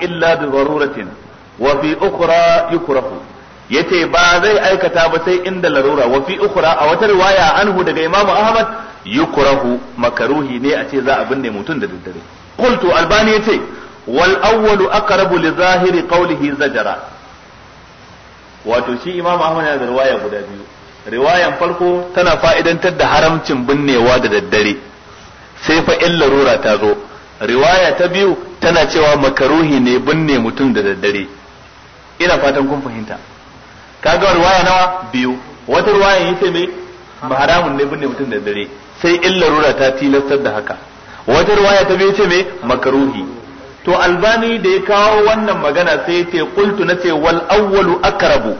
illa bi daruratin wa fi yukrahu yace ba zai aikata ba sai inda larura wa fi a wata riwaya anhu daga imamu ahmad yukrahu makaruhi ne a ce za a binne mutum da daddare qultu albani yace wal awwalu aqrabu li zahiri qawlihi zajara wato shi imamu ahmad yana da riwaya guda biyu riwayan farko tana fa'idantar da haramcin binnewa da daddare sai fa in larura ta zo riwaya ta biyu tana cewa makaruhi ne binne mutum da daddare ina fatan kun fahimta kaga riwaya nawa biyu wata riwaya yace me ba haramun ne binne mutum da daddare sai in larura ta tilastar da haka wata riwaya ta biyu ce me makaruhi to albani da ya kawo wannan magana sai ce qultu na ce wal awwalu akrabu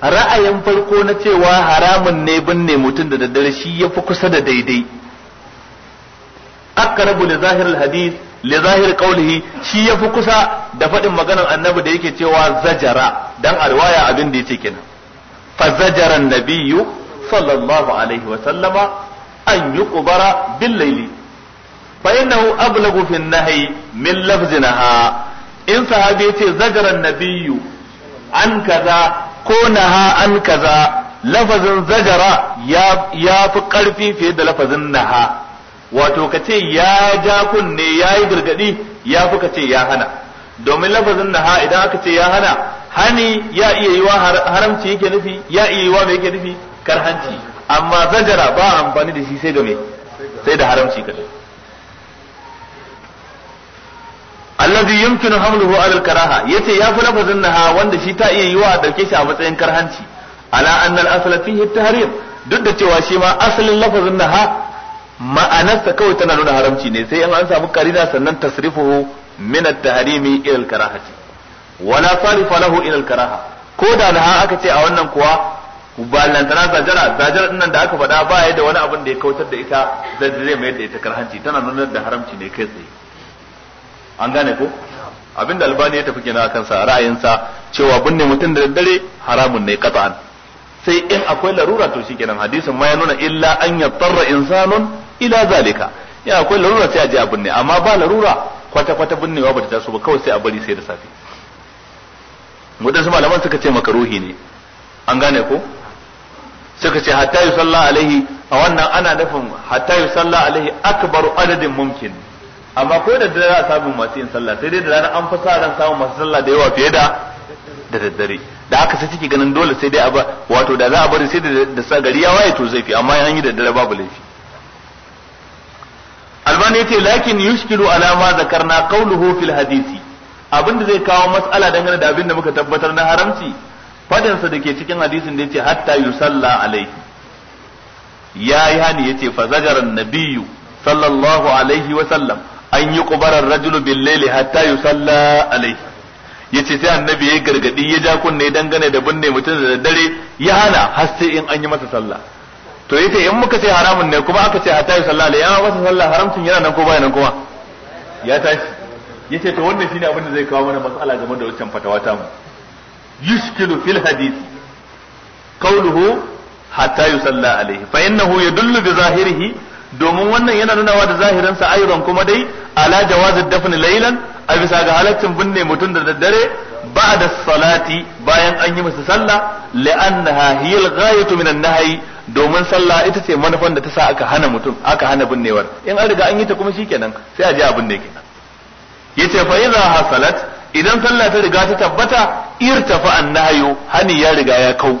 ra'ayin farko na cewa haramun ne binne mutum da daddare shi yafi kusa da daidai aqrabu li zahir al-hadith zahir qawlihi shi yafi kusa da fadin maganar annabi da yake cewa zajara dan a abin da yace kenan fa zajara an-nabiyyu sallallahu alaihi wa sallama an yuqbara bil fa innahu ablagu fi an-nahy min lafzinaha in sahabi yace zajaran an-nabiyyu an kaza ko naha an kaza lafazin zajara ya fi ƙarfi fiye da lafazin naha wato ka ce ya ja kunne ya yi gargadi ya fi ka ce ya hana domin lafazin na ha idan aka ce ya hana hani ya iya yi wa haramci yake nufi ya iya yi wa mai yake nufi karhanci amma zajara ba amfani da shi sai da me sai da haramci kadai allazi yumkinu hamluhu ala al-karaha yace ya fi lafazin ha wanda shi ta iya yi wa dauke shi a matsayin karhanci ala anna al-asla fihi tahrim duk da cewa shi ma asalin lafazin ha ma'anarsa kawai tana nuna haramci ne sai in an samu karina sannan tasrifuhu min at-tahrimi ila al-karahati wala sarifa lahu ila al-karaha ko da na aka ce a wannan kuwa ballantana zajara zajara dinnan da aka faɗa ba ya da wani abin da ya kautar da ita zai mai da ita karhanci tana nuna da haramci ne kai tsaye an gane ko abinda albani ya tafi kenan akan sa ra'ayinsa cewa binne mutum da daddare haramun ne qat'an sai in akwai larura to shikenan hadisin ma ya nuna illa an yattarra insanun ila zalika ya akwai larura sai a je a binne amma ba larura kwata kwata binnewa bata taso ba kawai sai a bari sai da safe wadansu malaman suka ce ruhi ne an gane ko suka ce hatta yusalla alaihi a wannan ana nufin hatta yusalla alaihi akbaru adadin mumkin amma ko da dare a samu masu yin sallah sai dai da rana an fi sa ran samun masu sallah da yawa fiye da da daddare da aka sai kike ganin dole sai dai a wato da za a bari sai da sa gari ya waye to zai fi amma an yi da dare babu laifi albani yace lakin yushkilu ala ma zakarna qawluhu fil hadisi da zai kawo matsala dangane da abin da muka tabbatar na haramci fadin sa dake cikin hadisin da yace hatta yusalla alaihi yi hani yace fa zagaran nabiyyu sallallahu alaihi wa sallam an yi qubarar rajulu bil layli hatta yusalla alayhi yace sai annabi ya gargadi ya ja kunne dangane da binne mutum da daddare ya hana har sai in an yi masa sallah to yace in muka ce haramun ne kuma aka ce a tayi sallah ya masa sallah haramcin yana nan ko baya nan kuma ya tashi yace to wannan shine abin da zai kawo mana matsala game da wancan fatawa ta mu yushkilu fil hadith qawluhu hatta yusalla alayhi fa innahu yadullu bi zahirihi domin wannan yana nunawa da zahirin sa ayran kuma dai ala jawazid dafn laylan a bisa ga halaccin binne mutum da daddare ba'da salati bayan an yi masa sallah li'annaha hiya al-ghayatu min an-nahyi domin sallah ita ce manufan da ta sa aka hana mutum aka hana binnewar in an riga an yi ta kuma shikenan sai a ji abin da yake yace fa idza hasalat idan sallah ta riga ta tabbata irtafa annahyu hani ya riga ya kau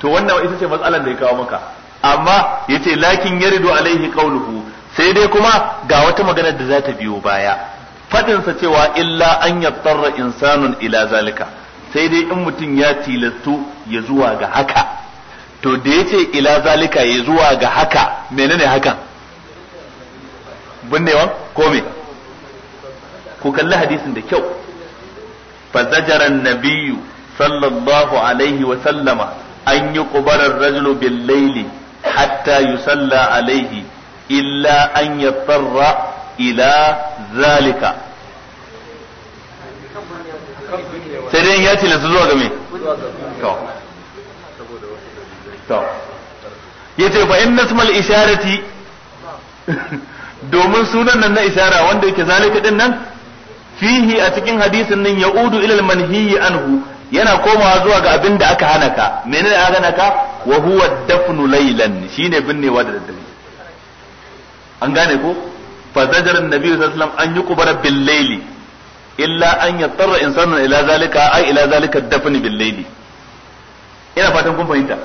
to wannan ita ce matsalar da ya kawo maka amma yace lakin yaridu alaihi qawluhu sai dai kuma ga wata magana da za ta biyo baya fadinsa cewa illa an yattarra insanun ila zalika sai dai in mutum ya tilastu ya zuwa ga haka to da ya ce ila zalika ya zuwa ga haka menene hakan binnewa ko me ku kalli hadisin da kyau fazajara nabiyu sallallahu alaihi wa sallama an yi kubarar rajulu bil laili hatta yusalla alaihi illa an yattarra ila zalika sai dai ya ce zuwa ga me yace fa in nasmal isharati domin sunan nan na ishara wanda yake zalika din nan fihi a cikin hadisin nan yaudu ila manhiyi anhu yana komawa zuwa ga abin da aka hana ka menene aka hana ka wa huwa dafnu laylan shine binnewa da daddare an gane ko fa zajar annabi sallallahu alaihi wasallam an yuqbara bil layli illa an yattara insanu ila zalika ay ila zalika dafni bil layli ina fatan kun fahimta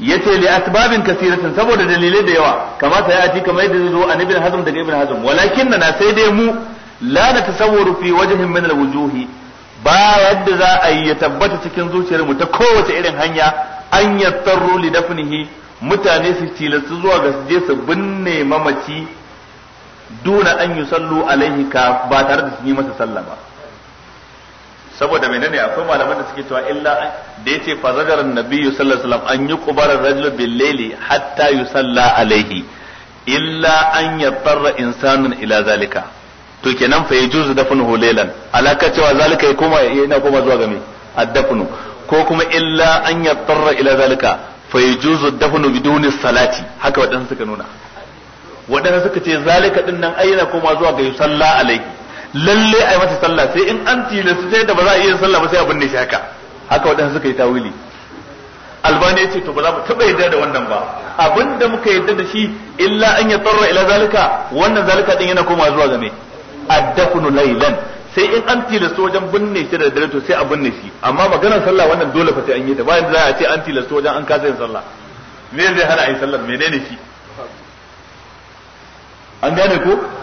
yace li asbabin kasiratin saboda dalilai da yawa kama sai aji kamar yadda zai zo an ibn hazm daga ibn hazm walakin na sai dai mu la natasawwaru fi wajhin min alwujuhi ba yadda za a yi ya tabbata cikin zuciyar mu ta kowace irin hanya an yattaru li dafnihi mutane su tilastu zuwa ga su su binne mamaci duna an sallu alaihi ka ba tare da su yi masa sallah saboda menene akwai malaman da suke cewa illa da yace fa zagara annabi sallallahu alaihi wasallam an yi ar-rajulu bil-layli hatta yusalla alaihi illa an yatarra insanun ila zalika to kenan fa yajuzu dafnuhu laylan alaka cewa zalika koma yana koma zuwa game? me ko kuma illa an yatarra ila zalika fa yajuzu dafnu biduni salati haka wadansu suka nuna wadansu suka ce zalika din nan ai yana koma zuwa ga yusalla alaihi lalle yi mata sallah sai in an tilasta sai da ba za a iya sallah ba sai abin ne shi haka haka waɗanda suka yi tawili albani ya ce to ba za mu taɓa yadda da wannan ba abin da muka yadda da shi illa an ya tsarra ila zalika wannan zalika din yana komawa zuwa game addafunu lailan sai in an tilasta wajen binne shi da dare to sai a binne shi amma maganar sallah wannan dole fa sai an yi ta bayan za a ce an tilasta wajen an kasa yin sallah me zai hana a yi sallah menene shi an gane ko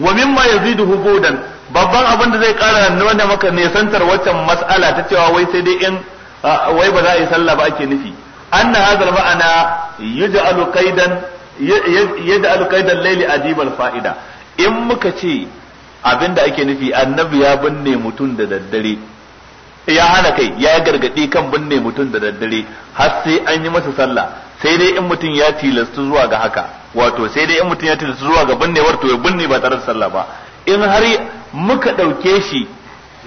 wa mimma yaziduhu budan babban abin da zai kara nuna maka ne nesantar waccan mas'ala ta cewa wai sai dai in wai ba za a yi sallah ba ake nufi anna hadha ma'ana yaj'alu qaidan yaj'alu qaidan layli adibal fa'ida in muka ce abin da ake nufi annabi ya binne mutum da daddare ya hana kai ya gargadi kan binne mutum da daddare har sai an yi masa sallah sai dai in mutum ya tilasta zuwa ga haka wato sai dai in mutum ya tilasta zuwa ga binnewar to ya binne ba tare da sallah ba in har muka dauke shi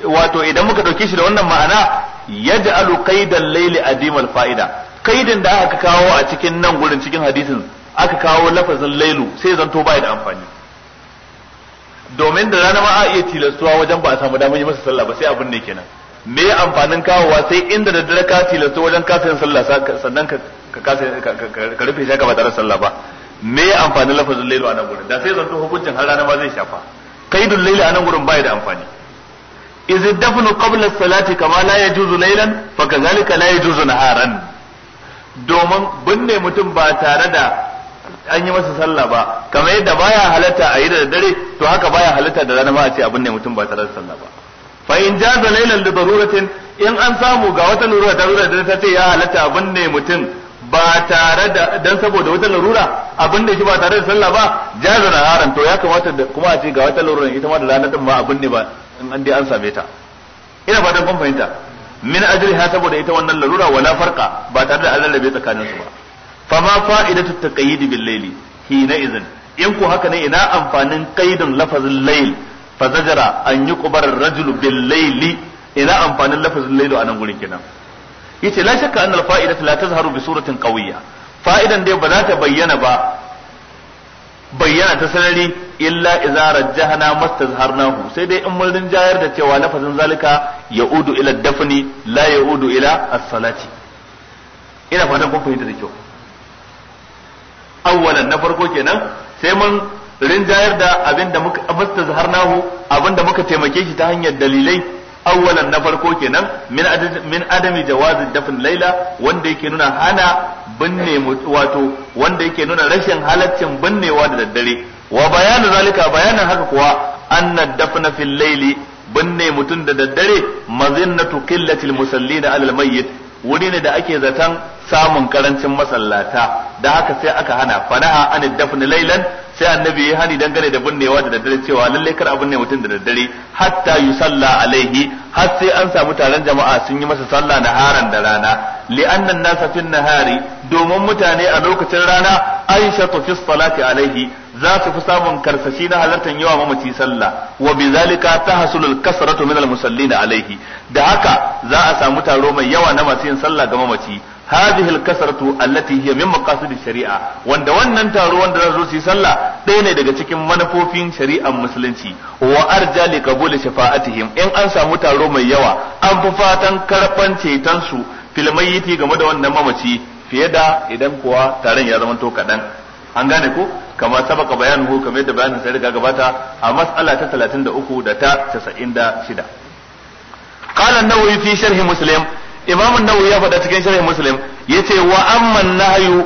wato idan muka dauke shi da wannan ma'ana yaj'alu qaidal layli adimal fa'ida kaidin da aka kawo a cikin nan gurin cikin hadisin aka kawo lafazin lailu sai zanto bai da amfani domin da rana ma a iya tilastuwa wajen ba a samu damar yi masa sallah ba sai abin ne kenan me amfanin kawowa sai inda da dare ka tilastu wajen kasa yin sallah sannan ka ka rufe shi ka ba tare sallah ba me ya amfani lafazin lailu a nan gurin da sai zanto hukuncin har rana ma zai shafa kaidun lailu a nan gurin baya da amfani iz dafnu qabla salati kama la yajuzu laylan fa kazalika la yajuzu naharan domin binne mutum ba tare da an yi masa sallah ba kamar yadda baya halatta a yi da dare to haka baya halatta da rana ma a ce abin ne mutum ba tare da sallah ba fa in jaza laylan li daruratin in an samu ga wata lura da lura da ta ce ya halatta abin ne mutum ba tare da dan saboda wata larura abin da shi ba tare da sallah ba jazar haram to ya kamata kuma a ce ga wata larura ita ma da ranar din ma abin ne ba in an dai an same ta ina fatan kun fahimta min ha saboda ita wannan larura wala farka ba tare da Allah bai tsakanin su ba ma fa'idatu taqayyid bil layli hina izin in ku haka ne ina amfanin qaidin lafazin layl zajara an yuqbar ar-rajulu bil layli ina amfanin lafazin laylu a nan gurin kenan yace la shakka annal fa'idatu la tazharu bi suratin qawiyya fa'idan dai ba za ta bayyana ba bayyana ta sarari illa idza rajjahna mastazharnahu sai dai in mun rinjayar da cewa lafazin zalika ya'udu ila dafni la ya'udu ila as-salati ina fatan kun fahimta da kyau awwalan na farko kenan sai mun rinjayar da abinda muka mastazharnahu abinda muka taimake shi ta hanyar dalilai awwalan na farko kenan min min adami jawazi dafin laila wanda yake nuna hana binne wato wanda yake nuna rashin halaccin binnewa da daddare wa bayanu zalika bayanin haka kuwa anna dafna fil laili binne mutum da daddare mazinnatu qillatil musallina alal mayyit wuri ne da ake zaton samun karancin masallata da haka sai aka hana fanaha an dafn laylan sai annabi ya hani dangane da binnewa da daddare cewa lalle kar abin ne mutum da daddare hatta yusalla alaihi har sai an samu taron jama'a sun yi masa sallah naharan da rana Li'annan an-nasa fi nahari domin mutane a lokacin rana aisha fi salati alaihi za su fi samun karsashi na halartar yawa mamaci sallah wa bizalika tahsulul kasratu min al-musallina alaihi da haka za a samu taro mai yawa na masu yin sallah ga mamaci hadhihi al-kasratu allati hiya min da sharia wanda wannan taro wanda zan zo su sallah ɗaya ne daga cikin manufofin shari'ar musulunci wa arja li qabul shafa'atihim in an samu taro mai yawa an fi fatan karban ceton su fil mayyiti game da wannan mamaci fiye da idan kuwa taron ya zama to kadan an gane ko kama sabaka bayanuhu kamar yadda bayanin sai riga gabata a mas'ala ta 33 da ta 96 قال النووي في شرح مسلم imam an ya faɗa cikin sharhin muslim yace wa amma an-nahyu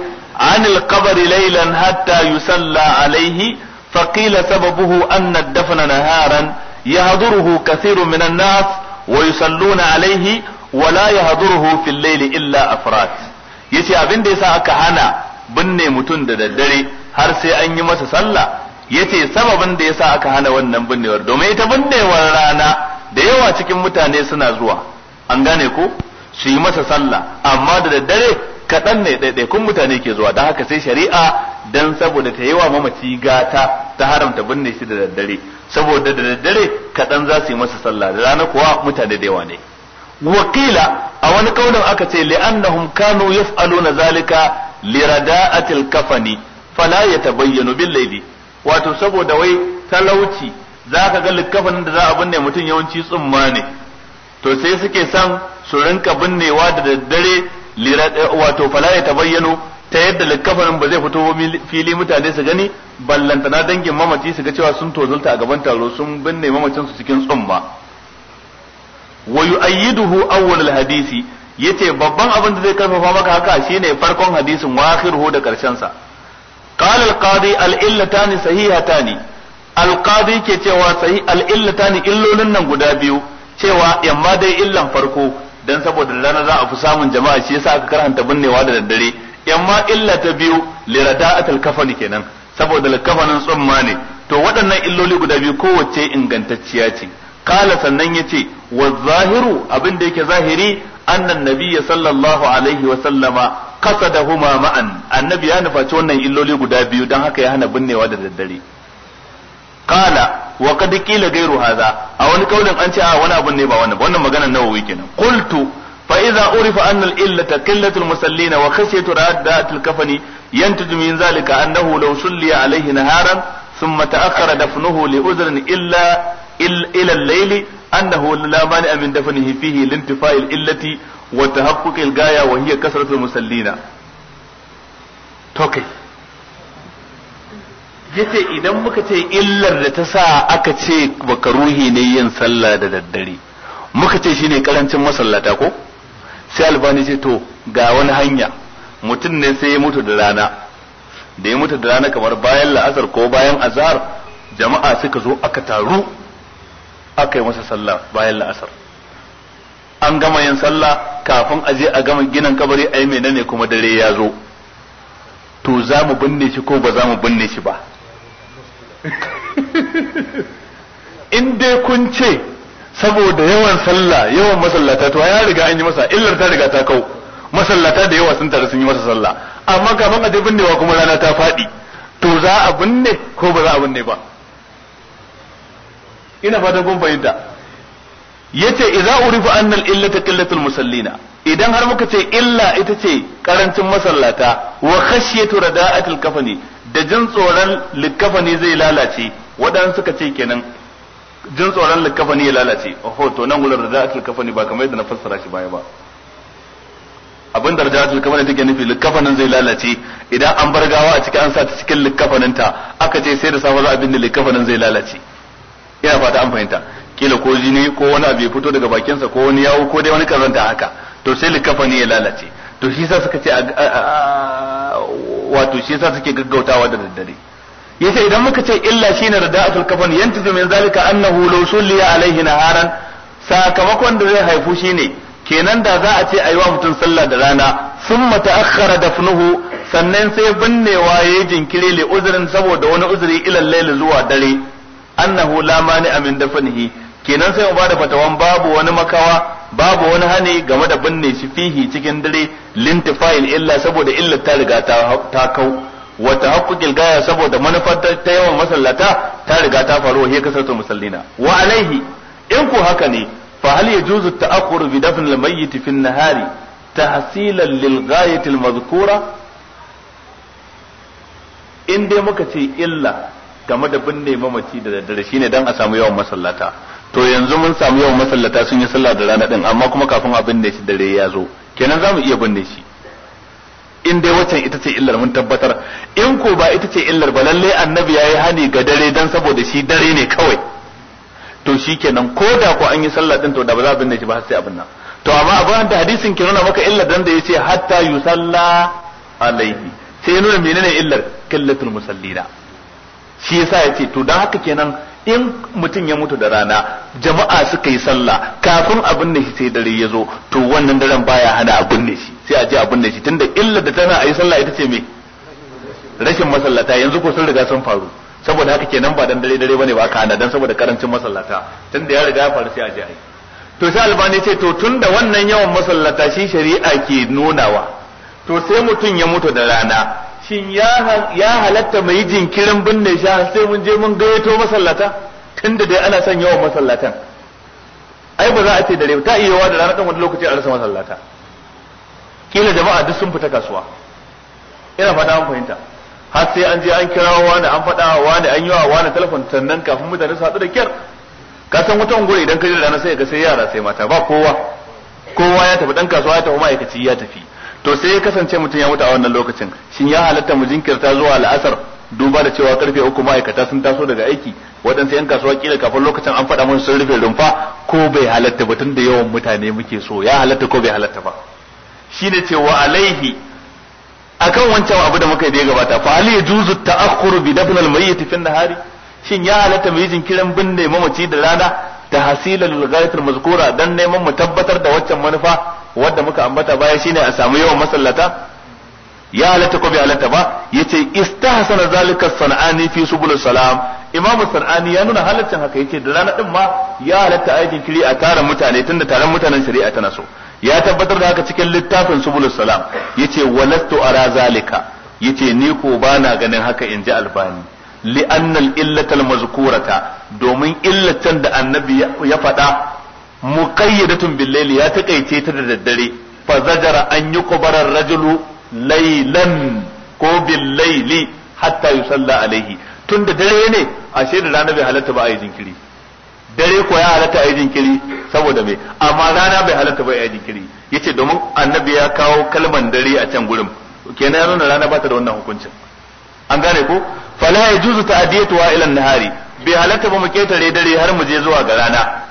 anil qabr laylan hatta yusalla alayhi فقيل سببه أن الدفن نهارا يهضره كثير من الناس ويصلون عليه ولا يهضره في الليل إلا أفراد yace abin da yasa aka hana binne mutum da daddare har sai an yi masa sallah yace sababin da yasa aka hana wannan binnewar domin ita binnewar rana da yawa cikin mutane suna zuwa an gane ko su yi masa sallah amma da daddare kaɗan ne ɗaiɗaikun mutane ke zuwa don haka sai shari'a dan saboda ta yi wa mamaci gata ta haramta binne shi da daddare saboda da daddare kaɗan za su yi masa sallah da rana kuwa mutane da yawa ne wakila a wani kaunin aka ce li'annahum kanu yaf'aluna zalika rada'atil kafani fala yatabayyanu bil laili wato saboda wai talauci zaka ga likafanin da za a binne mutum yawanci tsumma ne to sai suke san su rinka binnewa da daddare eh, wato fala ya tabayyano ta yadda likkafanin ba zai fito fili mutane su gani ballantana dangin mamaci su ga cewa sun tozulta a gaban taro sun binne mamacin su cikin tsumma wa yu'ayyiduhu awwal al-hadisi yace babban abin da zai karfafa maka haka shine farkon hadisin wa akhiruhu da karshen sa qala al-qadi al-illatani sahihatani al-qadi ke cewa sahih al-illatani illolin nan guda biyu cewa yamma dai illan farko dan saboda rana za a fi samun jama'a shi yasa aka karanta binnewa da daddare yamma illa ta biyu lirada'atul kafani kenan saboda kafanin tsumma ne to waɗannan illoli guda biyu kowace ingantacciya ce kala sannan yace wa zahiru abin da yake zahiri annan nabiyya sallallahu alaihi wa sallama qasadahuma ma'an annabi ya nufaci wannan illoli guda biyu dan haka ya hana binnewa da daddare kala wa qad qila ghayru hadha a wani kaulin an ce a wani abun ne ba wannan wannan maganar nawawi kenan qultu fa idza urifa anna al illata qillatu al musallina wa khashyatu raddat al kafani yantaju min zalika annahu law sulliya alayhi naharan thumma ta'akhkhara dafnuhu li uzrin illa ila al layli annahu la mani'a min dafnihi fihi lintifa'i al illati wa tahaqquq al gaya wa hiya kasratu al musallina to kai yace idan muka ce illar da ta sa aka ce makaruhi ne yin sallah da daddare muka ce shine karancin masallata ko sai albani ce to ga wani hanya mutum ne sai ya mutu da rana da ya mutu da rana kamar bayan la'asar ko bayan azhar jama'a suka zo aka taru aka yi masa sallah bayan la'asar an gama yin sallah kafin a je a gama ginin kabari ai menene kuma dare ya zo to za mu binne shi ko ba za mu binne shi ba in dai kun ce saboda yawan sallah yawan masallata to ya riga an yi masa illar ta riga ta kau masallata da yawa sun tare sun yi masa sallah amma kafin a je binnewa kuma rana ta faɗi to za a binne ko ba za a binne ba ina fatan kun fahimta yace idza urifa anna illata qillatul musallina idan har muka ce illa ita ce karancin masallata wa khashyatu rada'atil kafani da jin tsoron likafani zai lalace waɗansu suka ce kenan jin tsoron likafani ya lalace oho to nan gurin raja'atul kafani ba kamar yadda na fassara shi baya ba abin da rajatul kafani take nufi likafanin zai lalace idan an bar gawa a cikin an sa ta cikin likafaninta aka ce sai da safa za a binne likafanin zai lalace ina fata an fahimta kila ko jini ko wani abu ya fito daga bakinsa ko wani yawo ko dai wani kazanta haka to sai likafani ya lalace to shi sa suka ce wato shi yasa suke gaggautawa da daddare yace idan muka ce illa shine rida'atul kafan yantazu min zalika annahu law sulliya alaihi naharan sakamakon da zai haifu shine kenan da za a ce ayi wa mutum sallah da rana summa ta'akhkhara dafnuhu sannan sai binnewa yayi jinkiri li uzrin saboda wani uzuri ila layl zuwa dare annahu la mani'a min dafnihi kenan sai mu bada fatawan babu wani makawa babu wani hani game da binne shi fihi cikin dare lintifail illa saboda illa ta riga ta kau wa tahaqquqil gaya saboda manufar ta yawan masallata ta riga ta faru he kasartu musallina wa alaihi in ko haka ne fa hal yajuzu ta'akhkhuru bi dafn al-mayyit fi an-nahari tahsilan lil ghayati al-madhkura in dai muka ce illa game da binne mamaci da daddare shine dan a samu yawan masallata to yanzu mun samu yawan masallata sun yi sallah da rana din amma kuma kafin abin da shi dare ya zo kenan za iya binne shi in dai wacce ita ce illar mun tabbatar in ko ba ita ce illar ba lalle annabi yayi hani ga dare dan saboda shi dare ne kawai to shi kenan ko da ko an yi sallah din to da ba za a binne shi ba sai abin nan to amma abin da hadisin ke nuna maka illar dan da ya ce hatta yusalla alaihi sai nuna menene illar kallatul musallina shi yasa ya ce to don haka kenan in mutum ya mutu da rana jama'a suka yi sallah kafin abin da shi sai dare ya zo to wannan daren baya hana abin ne shi sai a je abin da shi tunda illa da tana a yi sallah ita ce me rashin masallata yanzu ko sun riga sun faru saboda haka kenan ba dan dare dare bane ba ka hana dan saboda karancin masallata tunda ya riga ya faru sai a je ai to sai albani ce to tunda wannan yawan masallata shi shari'a ke nunawa to sai mutum ya mutu da rana shin ya halatta mai jinkirin binne sha sai mun je mun gayyato masallata tunda dai ana son yawan masallatan ai ba za a ce dare ta iya da rana kan wani lokaci a rasa masallata kila jama'a duk sun fita kasuwa ina fata an fahimta har sai an je an kirawo wani an wa wani an yi wa wani telefon sannan kafin mutane su haɗu da kyar ka san wata ungure idan ka je da rana sai ka sai yara sai mata ba kowa kowa ya tafi dan kasuwa ya tafi ma'aikaci ya tafi to sai ya kasance mutum ya mutu a wannan lokacin shin ya halatta mu jinkirta zuwa al'asar duba da cewa karfe uku ma'aikata sun taso daga aiki waɗansu 'yan kasuwa kila kafin lokacin an faɗa mun sun rufe rumfa ko bai halatta ba da yawan mutane muke so ya halatta ko bai halatta ba Shi shine cewa alaihi akan wancan abu da muka yi da ya gabata fa ali juzu ta'akhkhuru bi dafn al-mayyit fi an shin ya halatta mu yi jinkirin binne mamaci da rana da hasilan al mazkura dan neman mu tabbatar da waccan manufa wadda muka ambata baya shine a samu yawan masallata ya halatta ko bai halatta ba yace istahsana zalika sanani fi subul salam imam sanani ya nuna halaccin haka yace da rana din ma ya halatta aikin kiri a taron mutane tunda taron mutanen shari'a tana so ya tabbatar da haka cikin littafin subul salam yace walastu ara zalika yace ni ko bana ganin haka inji albani li'anna al-illata al-mazkurata domin illatan da annabi ya faɗa muqayyadatun bil ya takaice ta da daddare fa zajara an yuqbara ar-rajulu laylan ko bil layli hatta yusalla alaihi tun da dare ne ashe da rana bai halatta ba a yi jinkiri dare ko ya halatta a yi jinkiri saboda me amma rana bai halatta ba a yi jinkiri yace domin annabi ya kawo kalman dare a can gurin kenan ya nuna rana ba ta da wannan hukuncin an gane ko fala yajuzu wa ila an-nahari bai halatta ba mu ketare dare har mu je zuwa ga rana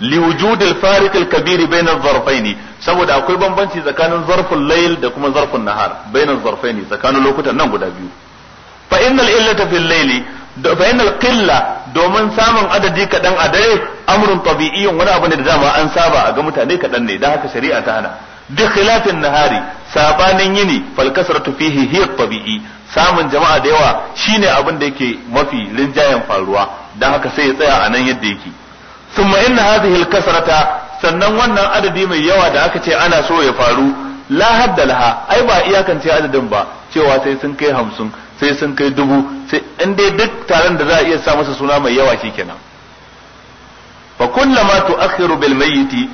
liwujud al-fariq al-kabir bayna zarfayn saboda akwai bambanci tsakanin zarfin layl da kuma zarfin nahar bayna zarfai zarfayn tsakanin lokutan nan guda biyu fa innal illata fil layli fa innal qilla domin samun adadi kadan a dare amrun tabi'iyyun wani abu ne da dama an saba a ga mutane kadan ne dan haka shari'a ta hana bi khilafin nahari sabanin yini fal kasratu fihi hiya tabi'i samun jama'a da yawa shine abin da yake mafi rinjayen faruwa dan haka sai ya tsaya a nan yadda yake thumma inna hadhihi al-kasrata sannan wannan adadi mai yawa da aka ce ana so ya faru la laha ai ba iyakance adadin ba cewa sai sun kai hamsin sai sun kai dubu sai in dai duk taron da za a iya sa masa suna mai yawa kenan fa kullama tu'akhiru bil mayyiti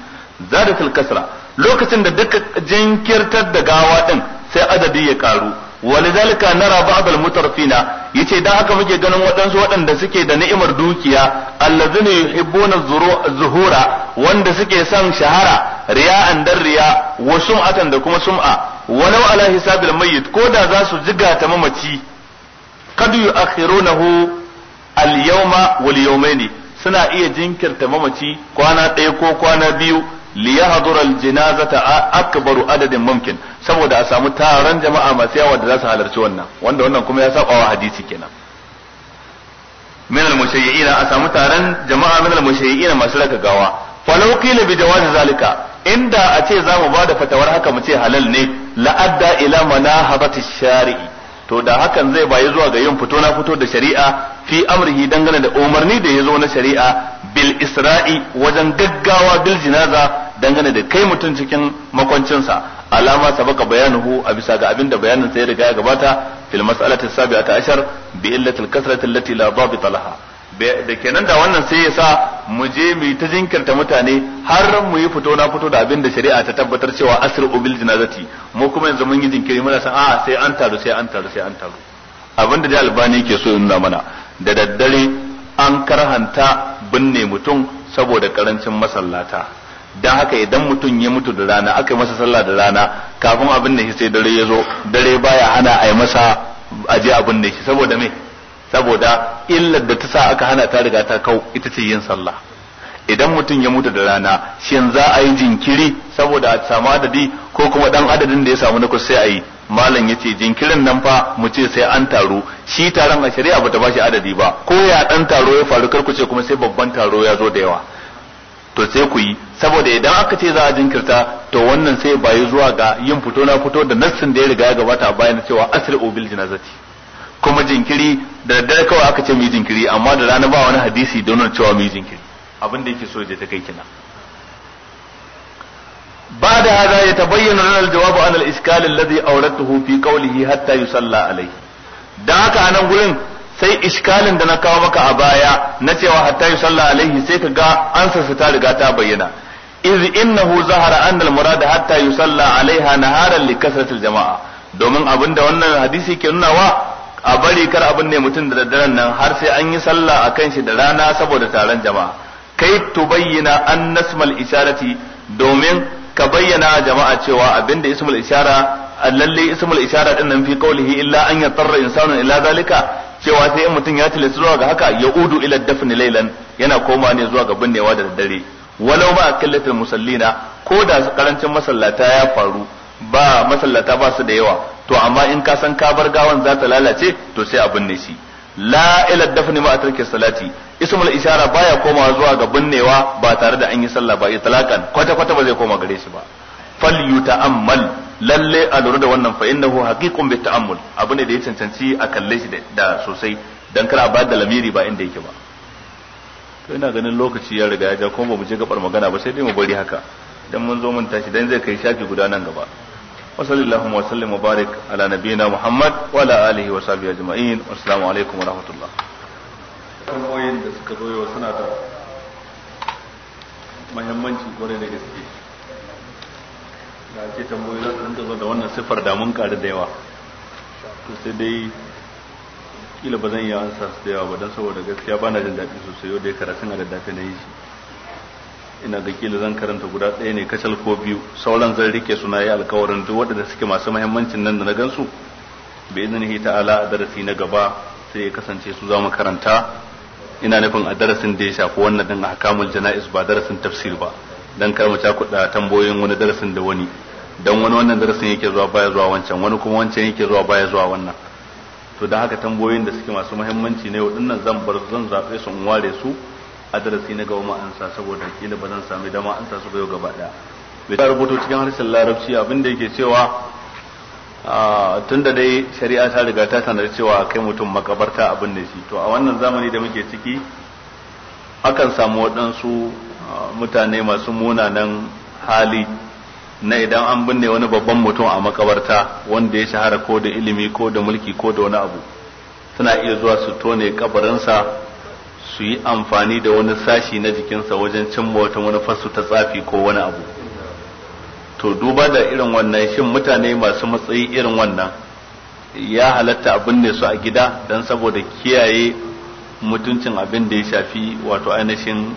zadat al kasra lokacin da duka jinkirtar da gawa din sai adadi ya karu walidhalika nara ba'd al-mutarfina yace dan haka muke ganin waɗansu waɗanda suke da ni'imar dukiya allazina yuhibbuna zuhura wanda suke son shahara riya'an dan riya wa sum'atan da kuma sum'a walau ala hisabil mayyit ko da za su jiga ta mamaci kad yu'akhirunahu al-yawma wal yawmaini suna iya jinkirta mamaci kwana ɗaya ko kwana biyu li yahdura al akbaru adadin mumkin saboda a samu taron jama'a masu yawa da za su halarci wannan wanda wannan kuma ya saba wa hadisi kenan min al mushayyi'ina a samu taron jama'a min al mushayyi'ina masu raka gawa falau qila bi jawazi zalika inda a ce za mu bada fatawar haka mu ce halal ne la'adda ila manahabati shari'i to da hakan zai bayi zuwa ga yin fito na fito da shari'a fi amrihi dangane da umarni da ya zo na shari'a bil isra'i wajen gaggawa bil jinaza dangane da kai mutum cikin makwancinsa alama sabaka bayanuhu a bisa ga abinda bayanin sa ya riga ya gabata fil mas'alati sabi'ata ashar bi illati al allati la dabita laha da kenan da wannan sai ya sa mu je mu ta jinkirta mutane har mu yi fito na fito da abin da shari'a ta tabbatar cewa asr ubil jinazati mu kuma yanzu mun yi jinkiri muna san a sai an taru sai an taru sai an taru abin da albani ke so nuna mana da daddare an karhanta binne mutum saboda karancin masallata dan haka idan mutum ya mutu da rana aka masa sallah da rana kafin abin da shi sai dare ya zo dare baya hana a yi masa aje abin da shi saboda me saboda illar da ta sa aka hana ta riga ta kau ita ce yin sallah idan mutum ya mutu da rana shin za a yi jinkiri saboda a samu adadi ko kuma dan adadin da ya samu na sai a yi malam yace jinkirin nan fa mu ce sai an taro shi taron a shari'a bata bashi adadi ba ko ya dan taro ya faru kar ce kuma sai babban taro ya zo da yawa to sai ku yi saboda idan aka ce za a jinkirta to wannan sai bayi zuwa ga yin fito na fito da nassin da ya riga ya gabata bayan cewa asri bil janazati kuma jinkiri da daddare kawai aka ce mu jinkiri amma da rana ba wani hadisi don nuna cewa mu jinkiri abin da yake so ya ta kai kina ba da بعد هذا يتبين لنا الجواب عن الإشكال الذي أوردته في قوله حتى يصلى عليه da haka a nan gurin sai iskalin da na kawo maka a baya na cewa hatta yi sallah alaihi sai ka ga ansarsa ta riga ta bayyana iz innahu zahara annal murad hatta yusalla alaiha naharan li kasratil jama'a domin abinda wannan hadisi ke nunawa a bari kar abin ne mutum da daddaren nan har sai an yi sallah akan shi da rana saboda taron jama'a kai tubayyana an nasmal isharati domin ka bayyana jama'a cewa abinda ismul ishara lalle ismul ishara din nan fi qawlihi illa an yatarra insanu ila zalika cewa sai in mutum ya tilasu zuwa ga haka ya udu ila dafni lailan yana koma ne zuwa ga binnewa da daddare walau ba kallatul musallina ko da karancin masallata ya faru ba masallata ba su da yawa to amma in ka san ka bar gawan za ta lalace to sai a binne shi la ila dafni ma atarki salati ismul ishara baya komawa zuwa ga binnewa ba tare da an yi sallah ba talakan kwata kwata ba zai koma gare shi ba falyuta'ammal lalle a lura da wannan fa innahu haqiqun bi ta'ammul abu ne da ya cancanci a kalle shi da sosai dan kar a ba da lamiri ba inda yake ba to ina ganin lokaci ya riga ya ja kuma ba mu je gabar magana ba sai dai mu bari haka dan mun zo mun tashi dan zai kai shafi guda nan gaba wa sallallahu wa sallam wa barik ala nabiyyina muhammad wa ala alihi wa sahbihi ajma'in assalamu alaikum wa rahmatullah da suka zo yau suna da muhimmanci kwarai da gaske da ce tambayoyi za su zo da wannan siffar damun ƙari da yawa to sai dai kila ba zan iya ansa su da yawa ba don saboda gaskiya ba na jin daɗi sosai yau da ya karatun a daddafe na yi shi ina ga kila zan karanta guda ɗaya ne kacal ko biyu sauran zan rike suna yi alkawarin duk waɗanda suke masu muhimmancin nan da na gansu bi hita ala a darasi na gaba sai ya kasance su za mu karanta ina nufin a darasin da ya shafi wannan din kamun jana'is ba darasin tafsir ba dan kar mu cakuɗa tambayoyin wani darasin da wani dan wani wannan darasin yake zuwa baya zuwa wancan wani kuma wancan yake zuwa baya zuwa wannan to dan haka tambayoyin da suke masu muhimmanci ne wadannan zan bar zan zabe su in ware su a darasi na gaba ma ansa saboda kila ba zan sami dama ansa su ba yau gaba daya bai ta rubuto cikin harshen larabci abin da yake cewa tun da dai shari'a ta riga ta sanar cewa kai mutum makabarta abin da shi to a wannan zamani da muke ciki akan samu waɗansu mutane masu munanan hali na idan an binne wani babban mutum a makabarta wanda ya shahara ko da ilimi ko da mulki ko da wani abu suna iya zuwa su tone kabarinsa su yi amfani da wani sashi na jikinsa wajen cimma wata fasu ta tsafi ko wani abu to duba da irin wannan shin mutane masu matsayi irin wannan ya halatta a binne su a gida don saboda kiyaye mutuncin abin da ya shafi wato ainihin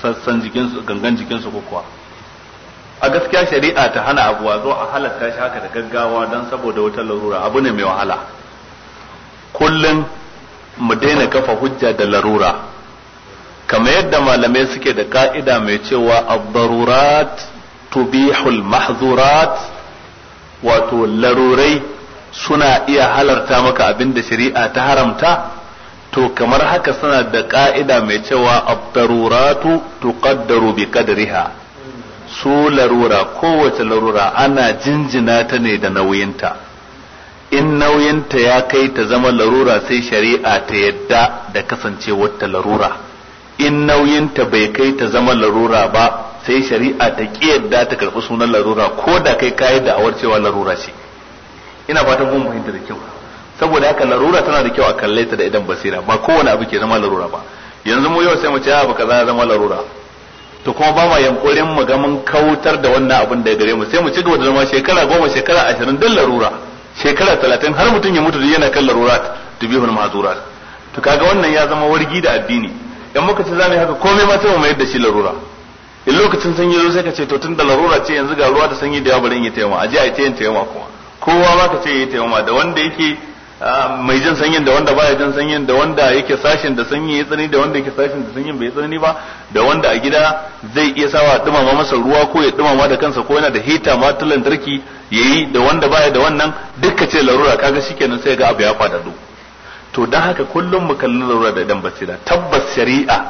sassan jikinsu gangan jikinsu ko kuwa a gaskiya shari'a ta hana abu zo a halatta shi haka da gaggawa don saboda wata larura abu ne mai wahala kullum mu daina kafa hujja da larura kamar yadda malamai suke da ka'ida mai cewa ad-darurat tubihul mahzurat wato larurai suna iya halarta maka abinda shari'a ta haramta to kamar haka suna da ƙa'ida mai cewa abdaruratu tuqaddaru bi su larura kowace larura ana jinjina ta ne da nauyinta in nauyinta ya kai ta zama larura sai shari'a ta yadda da kasancewar ta larura in nauyinta bai kai ta zama larura ba sai shari'a ta ki yadda ta karɓi sunan larura ko da kai kayi da awar cewa larura ce ina fatan mun fahimta da kyau saboda haka larura tana da kyau a kalle ta da idan basira ba kowane abu ke zama larura ba yanzu mu yau sai mu ce ah, ba kaza zama larura to kuma ba ma yankurin mu ga mun kautar da wannan abin da ya gare mu sai mu ci gaba da zama shekara goma shekara ashirin duk larura shekara talatin har mutum ya mutu yana kan larura larurat tubihul mahzurat to kaga wannan ya zama wargi da addini idan muka ce zamu haka komai ma sai mu mayar da shi larura in lokacin sanyi zo sai ka ce to tun da larura ce yanzu ga ruwa da sanyi da yawa bari in yi a je a yi tayin taimama kuma kowa ma ka ce yi taimama da wanda yake Ah, mai jin sanyin da wanda baya jin sanyin da wanda yake sashin da sanyi ya tsani da wanda yake sashin da sanyin bai tsani ba da wanda a gida zai iya sawa dumama masa ruwa ko ya dumama da kansa ko yana da hita ma ta lantarki yayi da wanda baya da wannan dukka ce larura kaga shikenan sai ga abu ya fada do to dan haka kullum mu kalli larura da idan basira tabbas shari'a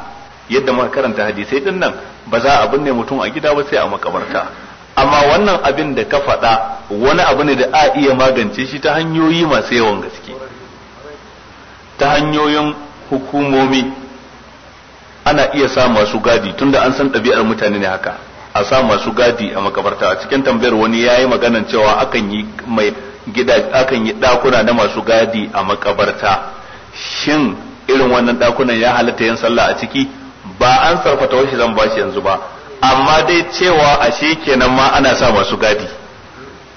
yadda muka karanta hadisi din nan ba za a binne mutum a gida ba sai a makabarta amma wannan abin da ka faɗa wani abu ne da a iya magance shi ta hanyoyi masu yawan gaske ta hanyoyin hukumomi ana iya sa masu gadi tunda an san ɗabi'ar mutane ne haka a sa masu gadi a makabarta a cikin tambayar wani ya yi maganan cewa akan yi mai gida akan yi ɗakuna na masu gadi a makabarta shin irin wannan ɗakunan ya halatta yin sallah a ciki ba an sarfata wasu zan bashi yanzu ba amma dai cewa a shi kenan ma ana sa masu gadi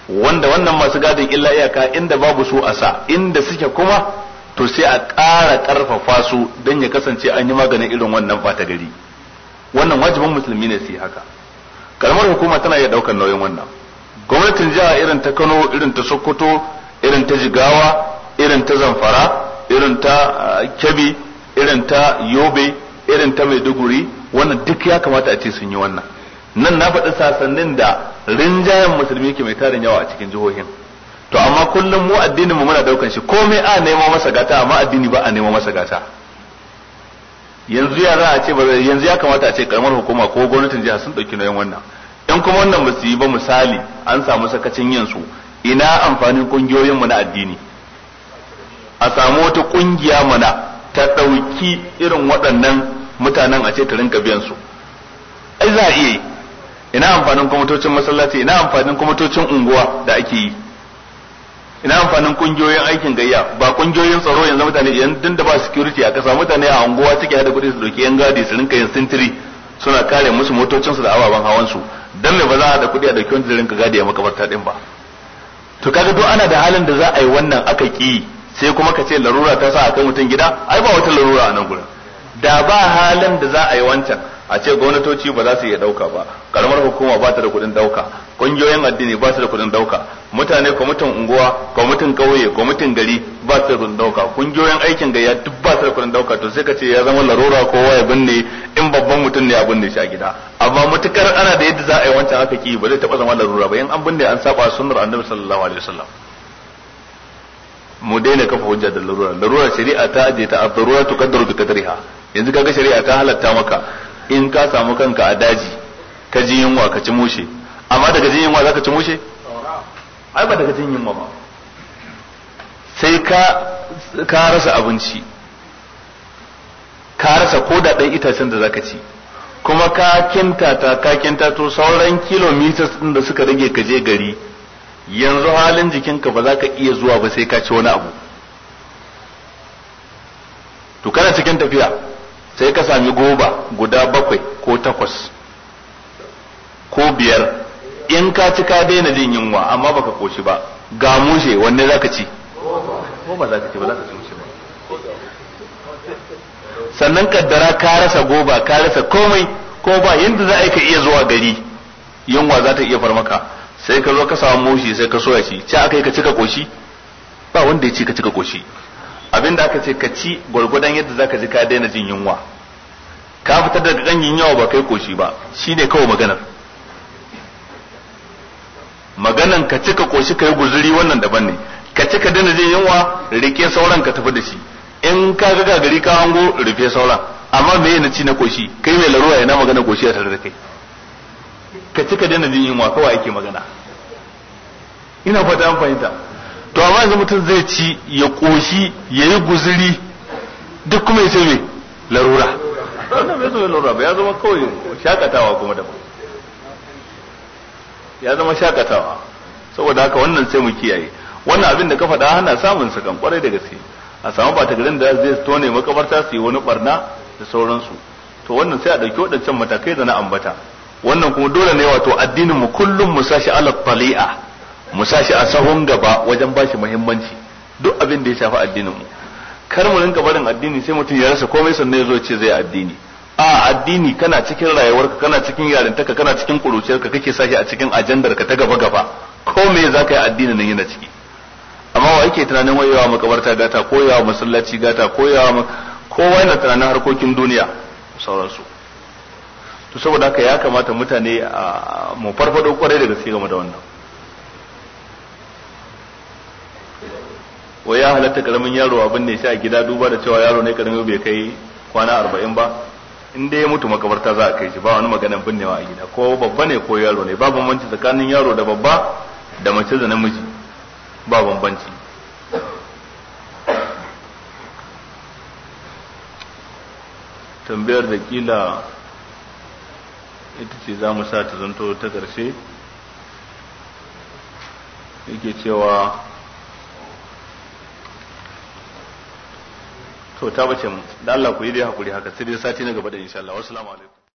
wanda wannan masu gadin illa iyaka inda babu su a sa inda suke kuma to sai a ƙara ƙarfafa su don ya kasance an yi maganin irin wannan ɓata gari wannan wajibin musulmi ne su haka karamar hukuma tana iya ɗaukar nauyin wannan gwamnatin jiha irin ta kano irin ta sokoto irin ta jigawa irin ta zamfara irin ta ah, kebbi irin ta yobe irin ta maiduguri wannan duk ya kamata a ce sun yi wannan nan na faɗi sasannin da rinjayen musulmi ke mai tarin yawa a cikin jihohin to amma kullum mu addinin mu muna daukan shi komai a nemo masa gata amma addini ba a nemo masa gata yanzu ya za a ce yanzu ya kamata a ce karamar hukuma ko gwamnatin jiha sun dauki nauyin wannan in kuma wannan ba yi ba misali an samu sakacin yin su ina amfanin kungiyoyin mu na addini a samu wata kungiya mana ta dauki irin waɗannan mutanen a ce ta rinka biyan su ai za a iya yi ina amfanin kwamitocin masallaci ina amfanin kwamitocin unguwa da ake yi ina amfanin kungiyoyin aikin gayya ba kungiyoyin tsaro yanzu mutane idan din da ba security a kasa mutane a unguwa suke hada kudi su doki yan gadi su rinka yin sintiri suna kare musu motocin su da ababen hawan su dan me ba za a da kudi a doki wanda rinka gadi a makabarta din ba to kaga duk ana da halin da za a yi wannan aka ki sai kuma ka ce larura ta sa a kai mutum gida ai ba wata larura a nan gurin da ba halin da za a yi wancan a ce gwamnatoci ba za su iya dauka ba karamar hukuma ba ta da kudin dauka kungiyoyin addini ba su da kudin dauka mutane kwamitin unguwa kwamitin kauye kwamitin gari ba su da kudin dauka kungiyoyin aikin gari duk ba su da kudin dauka to sai ka ce ya zama larura ko ya binne in babban mutum ne a binne shi a gida amma mutukar ana da yadda za a yi wancan aka ki ba zai taba zama larura ba in an binne an saba sunnar annabi sallallahu alaihi wasallam mu daina kafa hujja da larura larura shari'a ta aje ta ad-darura tuqaddaru bi qadriha yanzu kaga shari'a ta halatta maka in ka samu kanka a daji ka ji yunwa ka ci mushe amma daga jin yunwa zaka ci mushe ai ba daga jin yunwa ba sai ka ka rasa abinci ka rasa ko da itacen da zaka ci kuma ka kintata ka kintato sauran kilometers din da suka rage ka je gari yanzu halin jikinka ba za ka iya zuwa ba sai ka ci wani abu to kana cikin tafiya sai ka sami goba guda bakwai ko takwas ko biyar in ka ci ka daina jin yunwa amma baka koshi ba ga mushe wanne zaka ci ko ba zaka ci ba zaka ci mushe ba sannan kaddara ka rasa goba ka rasa komai ko ba yanda za a yi ka iya zuwa gari yunwa za ta iya farmaka sai ka zo ka samu mushe sai ka soya shi ci aka yi ka cika koshi ba wanda ya ci ka cika koshi abin da aka ce ka ci gwargwadon yadda zaka ji ka daina jin yunwa ka fitar daga ganyen yawa ba kai koshi ba shine kawai maganar maganan ka cika koshi kai guzuri wannan daban ne ka cika daina jin yunwa rike sauran ka tafi da shi in ka ga gagari ka hango rufe sauran amma me yana ci na koshi kai mai laruwa yana magana koshi a tare da kai ka cika daina jin yunwa kawai ake magana ina fata an fahimta to amma yanzu mutum zai ci ya koshi ya yi guziri duk kuma ya ce mai larura ya zama kawai shakatawa kuma daban ya zama shakatawa saboda haka wannan sai mu kiyaye wannan abin da ka faɗa hana samun sa kan kwarai da gaske a samu ba garin da zai tone makabarta su yi wani barna da sauransu to wannan sai a ɗauki waɗancan matakai da na ambata wannan kuma dole ne wato addinin mu kullum mu sashi ala tali'a mu sa shi a sahun gaba wajen ba shi muhimmanci duk abin da ya shafi addinin mu kar mu rinka barin addini sai mutum ya rasa komai sannan ya zo ce zai addini a addini kana cikin rayuwarka kana cikin yarintaka kana cikin kuruciyarka kake shi a cikin ajandar ka ta gaba gaba ko me ka yi addinin nan yana ciki amma wa yake tunanin wayewa makabarta gata ko yawa masallaci gata ko yawa kowa yana tunanin harkokin duniya sauransu to saboda haka ya kamata mutane mu farfado kwarai da gaske game da wannan wa ya halatta karamin yaro abin ne shi a gida duba da cewa yaro ne karami bai kai kwana arba'in ba in dai ya mutu makabarta za a kai shi ba wani maganan binnewa a gida ko babba ne ko yaro ne ba bambanci tsakanin yaro da babba da mace da namiji ba bambanci tambayar da kila ita ce za mu sa ta zanto ta ƙarshe yake cewa ta bace mu da Allah ku yi dai hakuri haka sai dai sati na gaba da insha Allah wassalamu alaikum